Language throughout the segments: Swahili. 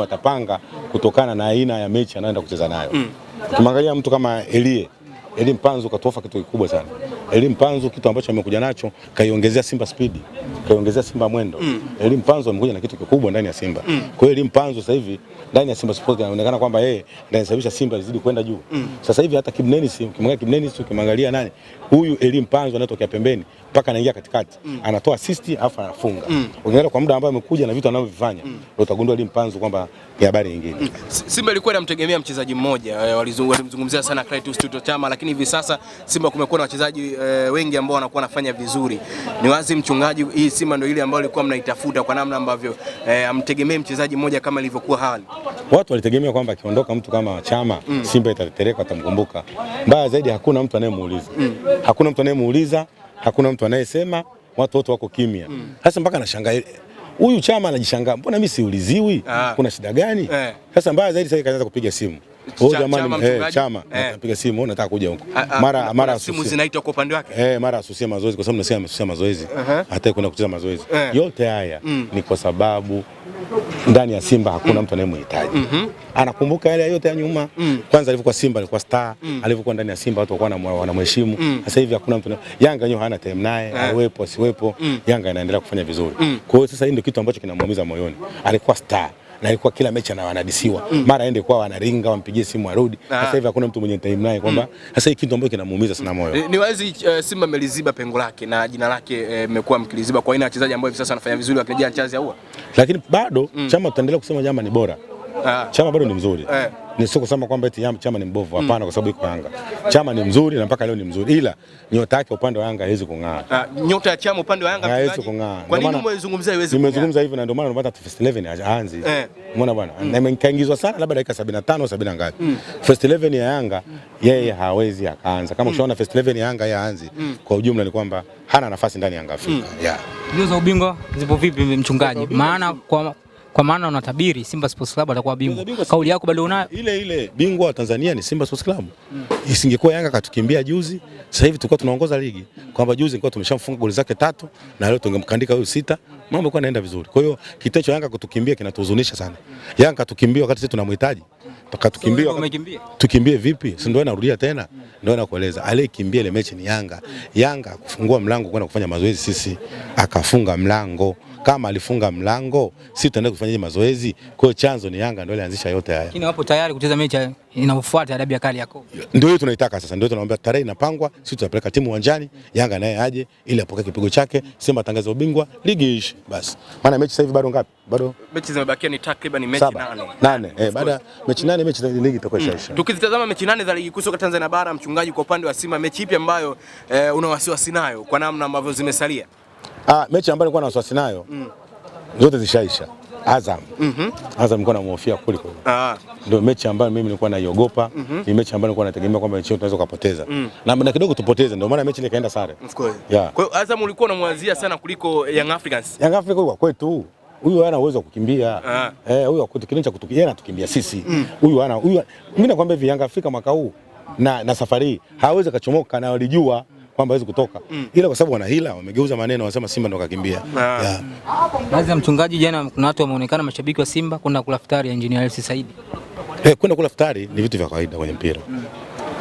mwalimu atapanga kutokana na aina ya mechi anayoenda kucheza nayo. Mm. Tumangalia mtu kama Elie Elie Mpanzu katofa kitu kikubwa sana. Elie Mpanzu kitu ambacho amekuja nacho kaiongezea Simba spidi kaiongezea Simba mwendo mm. Elim Panzo amekuja na kitu kikubwa ndani ya Simba mm. Kwa hiyo Elim Panzo sasa hivi ndani ya Simba Sports inaonekana kwamba yeye ndiye anasababisha Simba izidi kwenda juu mm. Sasa hivi hata si ukimwangalia si ukimwangalia nani huyu Elim Panzo anatokea pembeni mpaka anaingia katikati mm. anatoa assist alafu anafunga mm. Ukiangalia kwa muda ambao amekuja na vitu anavyovifanya mm. utagundua Elim Panzo kwamba ni habari nyingine mm. Simba ilikuwa inamtegemea mchezaji mmoja, eh, walizungumzia sana Clatous Tuto Chama, lakini hivi sasa Simba kumekuwa na wachezaji eh, wengi ambao wanakuwa wanafanya vizuri. Ni wazi mchungaji hii Simba ndio ile ambayo ilikuwa mnaitafuta kwa namna ambavyo eh, amtegemee eh, mchezaji mmoja kama ilivyokuwa hali. Watu walitegemea kwamba akiondoka mtu kama Chama mm. Simba itatereka atamkumbuka. Mbaya zaidi hakuna mtu anayemuuliza mm. hakuna mtu anayemuuliza, hakuna mtu anayesema, watu wote wako kimya mm. sasa mm. mpaka anashangaa huyu Chama anajishangaa, mbona mimi siuliziwi? Ah. kuna shida gani? Eh. Sasa eh. mbaya zaidi sasa kaanza kupiga simu Oh, jamani, chama eh, chama. Eh. napiga simu, nataka kuja huko mara a, mara, simu zinaitwa kwa upande wake eh, mara asusia mazoezi, kwa sababu nasema asusia mazoezi, Uh-huh. hata kuna kucheza mazoezi. Eh. Yote haya mm. ni kwa sababu ndani ya Simba hakuna mm. mtu anayemhitaji. Mhm. Anakumbuka yale yote ya nyuma, Mm. kwanza alivyokuwa Simba alikuwa star, mm. alivyokuwa ndani ya Simba watu walikuwa wanamheshimu. Mm. Sasa hivi hakuna mtu, na... Yanga yenyewe hana time naye, awepo asiwepo, mm. Yanga inaendelea kufanya vizuri. Mm. Kwa hiyo sasa hii ndio kitu ambacho kinamuumiza moyoni, alikuwa star na alikuwa kila mechi anawanadisiwa mm. mara aende kwa wanaringa wampigie simu arudi. Ah. Sasa hivi hakuna mtu mwenye time naye kwamba mm. sasa hii kitu ambacho kinamuumiza sana moyo ni, ni wazi uh, Simba ameliziba pengo lake na jina lake eh, imekuwa uh, mkiliziba kwa aina ya wachezaji ambao hivi sasa wanafanya vizuri wakirejea nchazi ya lakini bado mm. Chama tutaendelea kusema Chama ni bora Ah. chama bado ni mzuri eh. Ni sio kusema kwamba eti chama ni mbovu, hapana mm. Kwa sababu iko Yanga chama ni mzuri na mpaka leo ni mzuri, ila nyota yake upande wa Yanga haiwezi kung'aa. Uh, nyota ya chama upande wa Yanga haiwezi kung'aa. Kwa nini umezungumzia haiwezi kung'aa? Nimezungumza hivi na ndio maana unapata first 11 haanzi. Eh. Umeona bwana, mm. na imekaingizwa sana labda dakika 75 70 ngapi, mm. first 11 ya Yanga yeye hawezi akaanza kama mm. ushaona first 11 ya Yanga haanzi. Kwa ujumla ni kwamba hana nafasi ndani ya Yanga Afrika. Yeah. Ndio za ubingwa zipo vipi mchungaji? Maana kwa kwa maana unatabiri Simba Sports Club atakuwa bingwa. Kauli yako bado unayo? Ile ile. Bingwa wa Tanzania ni Simba Sports Club. Mm. Isingekuwa Yanga katukimbia juzi, sasa hivi tulikuwa tunaongoza ligi. Kwamba juzi ilikuwa tumeshamfunga goli zake tatu na leo tungemkandika huyu sita. Mambo yalikuwa yanaenda vizuri. Kwa hiyo kitendo cha Yanga kutukimbia kinatuhuzunisha sana. Yanga katukimbia wakati sisi tunamhitaji. Tukatukimbia. So, waka... Tukimbie vipi? Si ndio narudia tena. Ndio nakueleza. Aliyekimbia ile mechi ni Yanga. Yanga kufungua mlango kwenda kufanya mazoezi sisi. Akafunga mlango. Kama alifunga mlango, si tutaenda kufanyaje mazoezi? Kwa hiyo chanzo ni Yanga ndio alianzisha yote haya. Lakini wapo tayari kucheza mechi inayofuata adabu ya kali yako. Ndio hiyo tunaitaka sasa, ndio tunaomba tarehe inapangwa, sisi tutapeleka timu uwanjani, Yanga naye aje ili apokee kipigo chake, Simba tangaza ubingwa, ligi ishe basi. Maana mechi sasa hivi bado ngapi? Bado mechi zimebakia ni takriban mechi nane. Nane. Eh, baada mechi nane mechi za ligi itakuwa mm. ishaisha. Tukizitazama mechi nane za ligi kuu soka Tanzania bara, mchungaji, kwa upande wa Simba mechi ipi ambayo eh, una wasiwasi nayo kwa namna ambavyo zimesalia? Ah, mechi ambayo nilikuwa na wasiwasi nayo mm. zote zishaisha. Azam mm -hmm. Azam nilikuwa namhofia kuliko ah. Ndio mechi ambayo mimi nilikuwa naiogopa mm -hmm. Ni mechi ambayo nilikuwa nategemea kwamba mechi tunaweza kupoteza mm. na, na kidogo tupoteze, ndio maana mechi nikaenda sare. Of course. Yeah. Kwa hiyo Azam ulikuwa unamwazia sana kuliko Young Africans. Young Africans kwa kwetu huyu hana uwezo wa kukimbia ah. eh, huyu akuti kitu cha kutukia na tukimbia sisi mm. huyu mm. hana huyu, mimi nakwambia hivi Young Africa mwaka huu na, na safari hawezi kachomoka na walijua kwamba hawezi kutoka mm. ila kwa sababu wana hila wamegeuza maneno, wanasema Simba ndo kakimbia. Ah. yeah. baadhi ya mchungaji, jana kuna watu wameonekana mashabiki wa Simba kwenda kula futari ya Engineer Hersi Said. Eh, kwenda kula futari ni vitu vya kawaida kwenye mpira mm.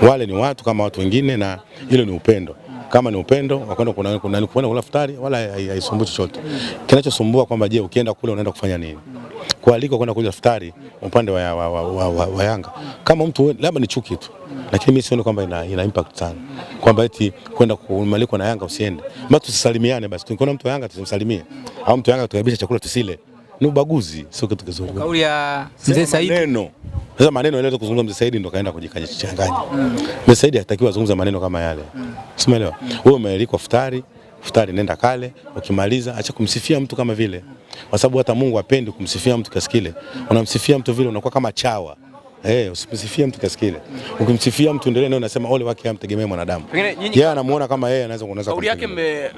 wale ni watu kama watu wengine, na hilo ni upendo. Kama ni upendo wa kwenda kuna kuna kuna futari wala haisumbui chochote. Kinachosumbua kwamba je, ukienda kule unaenda kufanya nini? Kualikwa kwenda kula futari upande wa, wa, wa, wa, wa, wa Yanga kama mtu labda ni chuki tu, lakini mimi sioni kwamba ina, ina impact sana kwamba eti kwenda kumalikwa na Yanga usiende. Mbona tusisalimiane basi? Tukiona mtu wa Yanga tusimsalimie, au mtu wa Yanga tukabisha chakula tusile ni ubaguzi, sio kitu kizuri. Kauli ya mzee Said neno sasa maneno yale kuzungumza mzee Saidi ndo kaenda kujikanyachanganya. Mzee Saidi hatakiwa azungumza maneno kama yale. Umeelewa? Wewe umealikwa futari, futari nenda kale, ukimaliza acha kumsifia mtu kama vile. Kwa sababu hata Mungu apendi kumsifia mtu kiasi kile. Unamsifia mtu vile unakuwa kama chawa. Eh, usimsifie mtu kiasi kile. Ukimsifia mtu endelee naye unasema ole wake amtegemee mwanadamu. Yeye anamuona kama yeye anaweza kuoneza. Kauli yake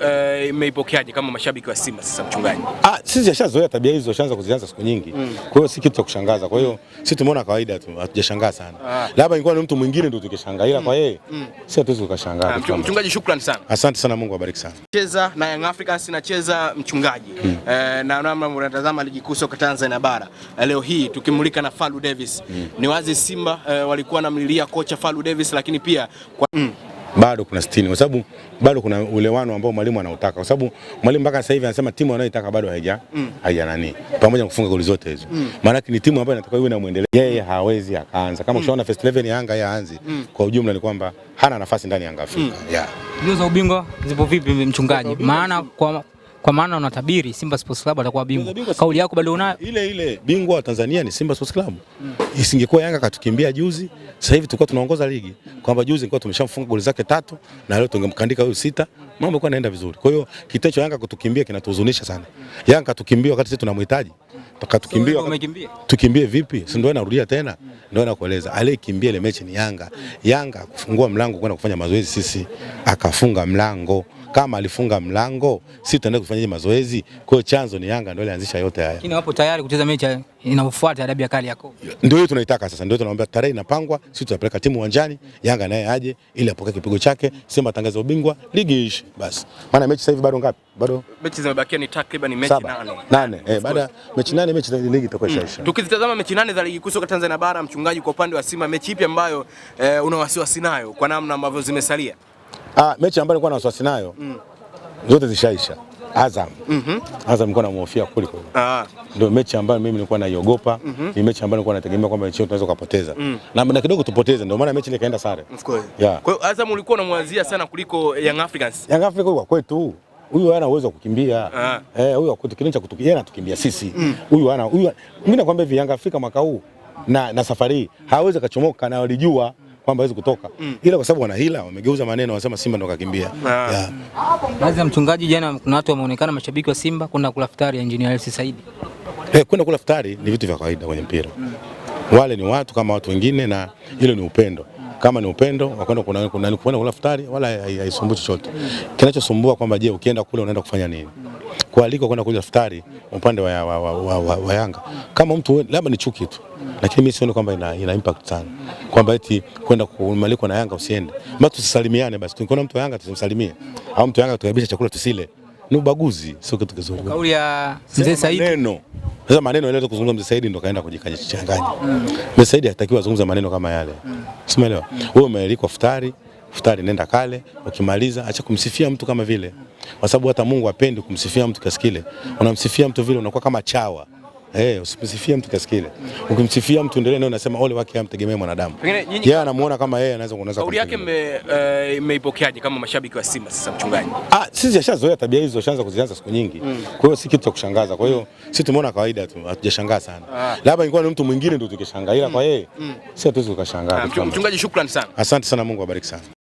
eh, imeipokeaje kama mashabiki wa Simba sasa mchungaji? Ah, sisi jashazoea tabia hizo ashaanza kuzianza siku nyingi. Mm. Kwa hiyo si kitu cha kushangaza. Kwa hiyo sisi tumeona kawaida tu, hatujashangaa sana. Ah. Labda ingekuwa ni mtu mwingine ndio tukishangaa ila mm. kwa yeye mm. sisi hatuwezi kushangaa. Ah, Mchungaji, shukrani sana. Asante sana, Mungu abariki sana. Cheza na Young Africans nacheza mchungaji. Mm. Eh, na namna mnatazama ligi kuu soka Tanzania bara. Leo hii tukimulika na Falu Davis. Mm. Ni wazi Simba eh, walikuwa wanamlilia kocha Falu Davis, lakini pia kwa... mm. Bado kuna sitini kwa sababu bado kuna ulewano ambao mwalimu anautaka, kwa sababu mwalimu mpaka sasa hivi anasema timu anayotaka bado haija mm. haija nani, pamoja na kufunga goli zote hizo mm. maanake ni timu ambayo inatakiwa iwe na muendelezo Yeye hawezi akaanza kama mm. first 11 ya Yanga mm. kwa ujumla ni kwamba hana nafasi ndani ya Yanga Afrika mm. yeah. Mbio za ubingwa zipo vipi, mchungaji? Maana kwa kwa maana unatabiri Simba Sports Club atakuwa bingwa. Kauli yako bado unayo? Ile ile bingwa wa Tanzania ni Simba Sports Club. Mm. Isingekuwa Yanga katukimbia juzi, sasa hivi tulikuwa tunaongoza ligi. Kwamba juzi ilikuwa tumeshamfunga goli zake tatu na leo tungemkandika huyu sita. Mambo yalikuwa yanaenda vizuri. Kwa hiyo kitendo cha Yanga kutukimbia kinatuhuzunisha sana. Yanga katukimbia wakati sisi tunamhitaji. Paka tukimbie so, tukimbie vipi? Si ndio narudia tena. Ndio nakueleza. Aliyekimbia ile mechi ni Yanga. Yanga kufungua mlango kwenda kufanya mazoezi sisi akafunga mlango. Kama alifunga mlango, si tutaenda kufanya mazoezi? Kwa hiyo chanzo ni Yanga ndio alianzisha yote haya. Lakini wapo tayari kucheza mechi inayofuata adabu ya kali yako. Ndio hiyo tunaitaka sasa, ndio tunaomba tarehe inapangwa, sisi tutapeleka timu uwanjani, Yanga naye aje ili apokee kipigo chake, Simba atangaze ubingwa, ligi ishe basi. Maana mechi sasa hivi bado ngapi? Bado mechi zimebakia ni takriban mechi nane. Nane. Eh, baada mechi nane mechi za ligi itakuwa mm. ishaisha. Tukizitazama mechi nane za ligi kuu soka Tanzania bara, mchungaji, kwa upande wa Simba mechi ipi ambayo eh, una wasiwasi nayo kwa namna ambavyo zimesalia? Ah, mechi ambayo nilikuwa na wasiwasi nayo mm. zote zishaisha. Azam mm -hmm. Azam nilikuwa namhofia kuliko ah. Ndio mechi ambayo mimi nilikuwa naiogopa mm -hmm. Ni mechi ambayo nilikuwa nategemea kwamba mechi tunaweza kupoteza mm. na, na kidogo tupoteze, ndio maana mechi ile ikaenda sare. Of course. Yeah. Kwa hiyo Azam ulikuwa unamwazia sana kuliko Young Africans. Young Africans kwa kwetu huyu hana uwezo wa kukimbia Ah. eh, huyu kinacho kutukia yeye anatukimbia sisi mm. huyu mm. hana huyu, mimi nakwambia hivi Young Africa mwaka huu na, na safari hii hawezi kachomoka na walijua Mm kwamba hawezi kutoka mm. ila kwa sababu wana hila wamegeuza maneno, wanasema Simba ndo kakimbia. Ah. yeah. yeah. ya mchungaji, jana kuna watu wameonekana mashabiki wa Simba kwenda kula futari ya Engineer Hersi Said. Hey, eh, kwenda kula futari ni vitu vya kawaida kwenye mpira mm. wale ni watu kama watu wengine, na hilo ni upendo kama ni upendo wakwenda kuna kuna kula futari wala haisumbui chochote. Kinachosumbua kwamba je, ukienda kule unaenda kufanya nini? kualikwa kwenda kunywa futari upande wa, wa, wa, wa, wa, wa Yanga kama mtu labda ni chuki tu, lakini mimi sioni kwamba ina, ina impact sana kwamba eti kwenda kumalikwa na Yanga usiende. Maana tusisalimiane basi, tukiona mtu wa Yanga tusimsalimie, au mtu wa Yanga tukaribisha chakula tusile, ni ubaguzi, sio kitu kizuri. Kauli ya mzee Saidi neno sasa maneno yale kuzungumza mzee Saidi ndo kaenda kujichanganya. Mzee Saidi hatakiwi azungumza maneno kama yale, umeelewa? Wewe umealikwa futari futari, nenda kale, ukimaliza acha kumsifia mtu kama vile, kwa sababu hata Mungu apendi kumsifia mtu kiasi kile. Unamsifia mtu vile unakuwa kama chawa. Eh, usimsifie mtu kiasi kile. Ukimsifia mtu endelee ndio unasema ole wake amtegemee mwanadamu. Yeye anamuona kama yeye anaweza kuoneza. Kauli yake imeipokeaje eh, kama mashabiki wa Simba sasa mchungaji? Ah, sisi yashazoea tabia hizo, shaanza kuzianza siku nyingi. Mm. Kwa hiyo si kitu cha kushangaza. Kwa hiyo sisi tumeona kawaida tu, hatujashangaa sana. Ah. Labda ingekuwa ni mtu mwingine ndio tukishangaa ila mm. kwa yeye mm. si hatuwezi tukashangaa. Ah, mchungaji, shukrani sana. Asante sana, Mungu awabariki sana.